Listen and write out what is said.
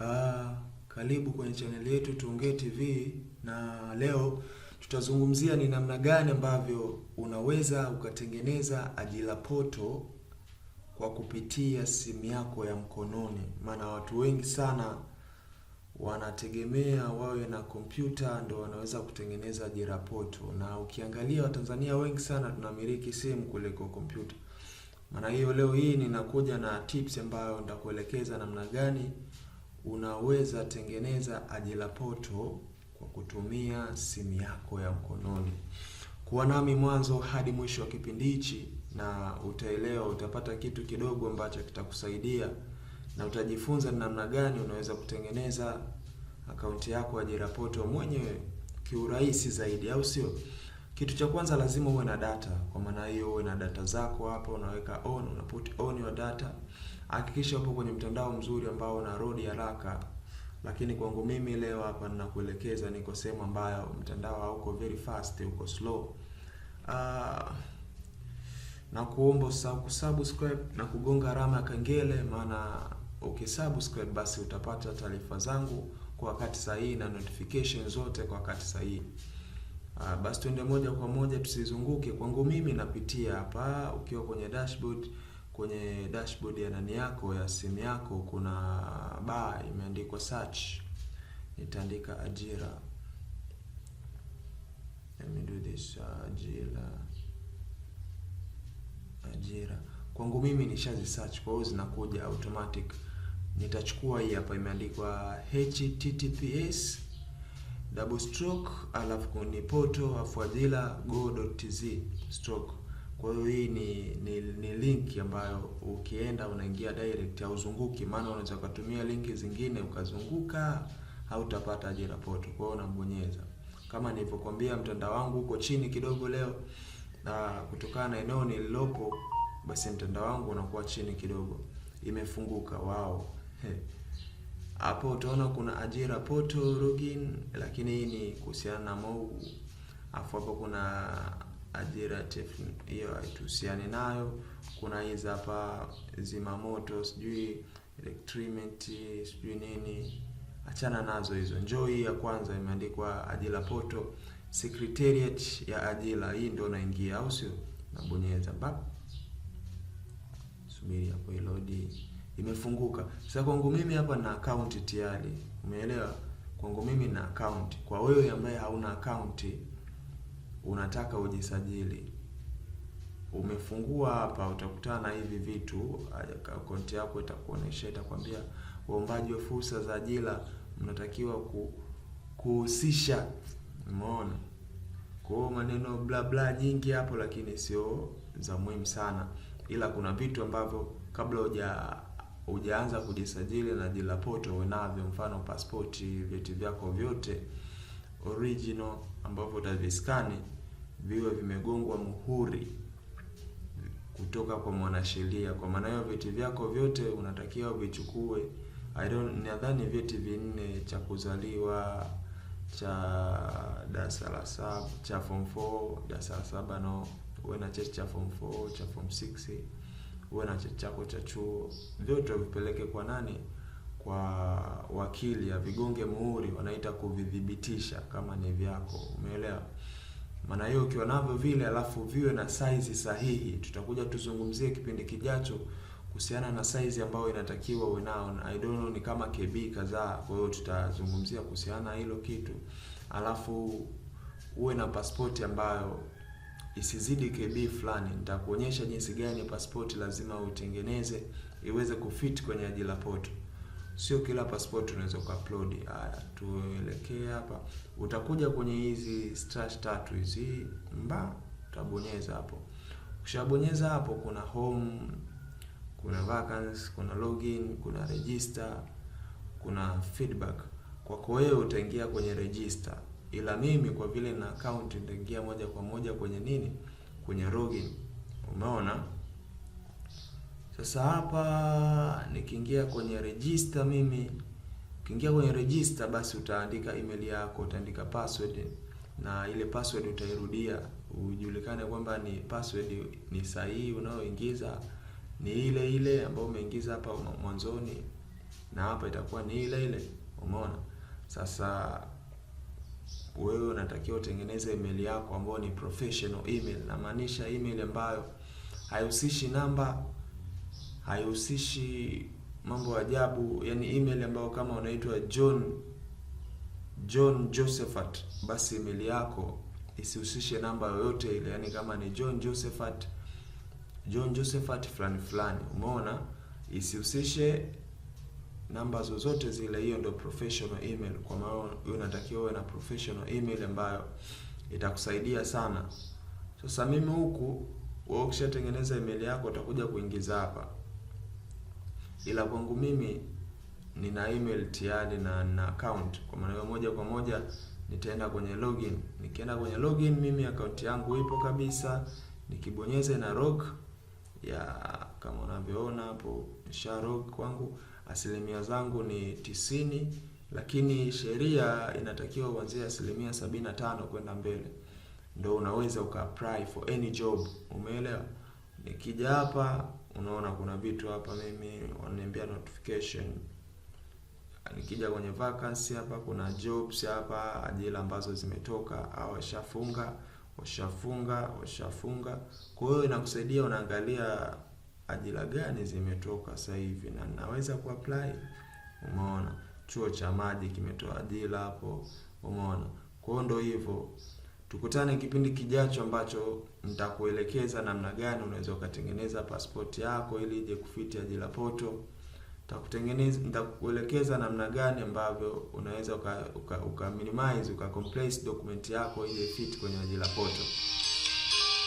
Aa, ah, karibu kwenye channel yetu Tuongee TV na leo tutazungumzia ni namna gani ambavyo unaweza ukatengeneza ajira poto kwa kupitia simu yako ya mkononi, maana watu wengi sana wanategemea wawe na kompyuta ndo wanaweza kutengeneza ajira poto, na ukiangalia Watanzania wengi sana tunamiliki simu kuliko kompyuta. Maana hiyo leo hii ninakuja na tips ambayo nitakuelekeza namna gani unaweza tengeneza ajira poto kwa kutumia simu yako ya mkononi. Kuwa nami mwanzo hadi mwisho wa kipindi hichi, na utaelewa, utapata kitu kidogo ambacho kitakusaidia na utajifunza ni namna gani unaweza kutengeneza akaunti yako ajira poto mwenyewe kiurahisi zaidi, au sio? Kitu cha kwanza lazima uwe na data. Kwa maana hiyo uwe na data zako hapa, unaweka on, una put on your data. Hakikisha upo kwenye mtandao mzuri ambao una rodi haraka, lakini kwangu mimi leo hapa ninakuelekeza, niko sehemu ambayo mtandao hauko very fast, uko slow. Uh, ah, na kuomba usahau kusubscribe na kugonga alama ya kengele, maana ukisubscribe okay, basi utapata taarifa zangu kwa wakati sahihi na notification zote kwa wakati sahihi. Uh, basi tuende moja kwa moja tusizunguke. Kwangu mimi napitia hapa, ukiwa kwenye dashboard, kwenye dashboard ya nani yako ya simu yako kuna baa imeandikwa search. Nitaandika ajira. Let me do this. Ajira, ajira kwangu mimi nishazi search, kwa hiyo zinakuja automatic. Nitachukua hii hapa, imeandikwa https double stroke alafu ni poto afadhila go.tz stroke. Kwa hiyo hii ni, ni, ni link ambayo ukienda unaingia direct hauzunguki, maana unaweza kutumia linki zingine ukazunguka hautapata ajira poto. Kwa hiyo unabonyeza kama nilivyokuambia, mtandao wangu uko chini kidogo leo, na kutokana na eneo nililopo, basi mtandao wangu unakuwa chini kidogo, imefunguka wao. Hapo utaona kuna ajira poto login, lakini hii ni kuhusiana na Mogu. Afu hapo kuna ajira tef, hiyo haituhusiani nayo. Kuna hizi hapa zimamoto, sijui electriment, sijui nini, achana nazo hizo. Njoo hii ya kwanza imeandikwa ajira poto secretariat ya ajira, hii ndio unaingia, au sio? Nabonyeza bap, subiri hapo ilodi imefunguka. Sasa kwangu mimi hapa na account tayari, umeelewa? Kwangu mimi na account. Kwa wewe ambaye hauna account unataka ujisajili, umefungua hapa, utakutana na hivi vitu. Akaunti yako itakuonesha, itakwambia waombaji wa fursa za ajira mnatakiwa kuhusisha. Umeona? Kwa maneno bla bla nyingi hapo, lakini sio za muhimu sana, ila kuna vitu ambavyo kabla huja hujaanza kujisajili na jila poto unavyo, mfano pasipoti, vyeti vyako vyote original ambavyo utaviskani viwe vimegongwa muhuri kutoka kwa mwanasheria. Kwa maana hiyo vyeti vyako vyote unatakiwa vichukue, nadhani vyeti vinne, cha kuzaliwa, cha darasa la saba, cha form 4, darasa la saba no, uwe na cheti cha form 4, cha form 6 uwe na cheti chako cha chuo, vyote vipeleke kwa nani? Kwa wakili, avigonge muhuri, wanaita kuvidhibitisha kama ni vyako. Umeelewa? Maana hiyo ukiwa navyo vile, alafu viwe na saizi sahihi. Tutakuja tuzungumzie kipindi kijacho kuhusiana na saizi ambayo inatakiwa uwe nao. I don't know ni kama KB kadhaa, kwa hiyo tutazungumzia kuhusiana na hilo kitu, alafu uwe na pasipoti ambayo isizidi KB fulani. Nitakuonyesha jinsi gani pasipoti lazima utengeneze iweze kufit kwenye ajira poto. Sio kila pasipoti unaweza kuupload. Haya, tuelekee hapa, utakuja kwenye hizi stash tatu hizi mba, utabonyeza hapo. Ukishabonyeza hapo, kuna home, kuna vacancies, kuna login, kuna register, kuna feedback. Kwako wewe utaingia kwenye register ila mimi kwa vile na account nitaingia moja kwa moja kwenye nini, kwenye login. Umeona? Sasa hapa nikiingia kwenye register, mimi ukiingia kwenye register, basi utaandika email yako, utaandika password na ile password utairudia, ujulikane kwamba ni password ni sahihi unayoingiza ni ile ile ambayo umeingiza hapa mwanzoni, na hapa itakuwa ni ile ile. Umeona? Sasa wewe unatakiwa utengeneze email yako ambayo ni professional email, namaanisha email ambayo haihusishi namba, haihusishi mambo ajabu, yani email ambayo kama unaitwa John John Josephat, basi email yako isihusishe namba yoyote ile, yani kama ni John Josephat John Josephat fulani fulani, umeona, isihusishe namba zozote zile, hiyo ndio professional email. Kwa maana unatakiwa uwe na professional email ambayo itakusaidia sana. Sasa mimi huku, wewe ukishatengeneza email yako utakuja kuingiza hapa, ila kwangu mimi nina email tayari na na account, kwa maana hiyo, moja kwa moja nitaenda kwenye login. Nikienda kwenye login, mimi account yangu ipo kabisa, nikibonyeza na rock ya kama unavyoona hapo, nisha rock kwangu asilimia zangu ni tisini, lakini sheria inatakiwa kuanzia asilimia sabini na tano kwenda mbele ndo unaweza uka apply for any job. Umeelewa? Nikija hapa, unaona kuna vitu hapa, mimi wananiambia notification. Nikija kwenye vacancy hapa, kuna jobs hapa, ajira ambazo zimetoka au washafunga washafunga washafunga. Kwa hiyo inakusaidia unaangalia ajira gani zimetoka sasa hivi na ninaweza kuapply. Umeona, chuo cha maji kimetoa ajira hapo, umeona. Kwa hiyo ndio hivyo, tukutane kipindi kijacho ambacho nitakuelekeza namna gani unaweza ukatengeneza pasipoti yako ili ije kufiti ajira poto. Nitakutengeneza, nitakuelekeza namna gani ambavyo unaweza uka, uka, uka minimize uka compress document yako ili fit kwenye ajira poto.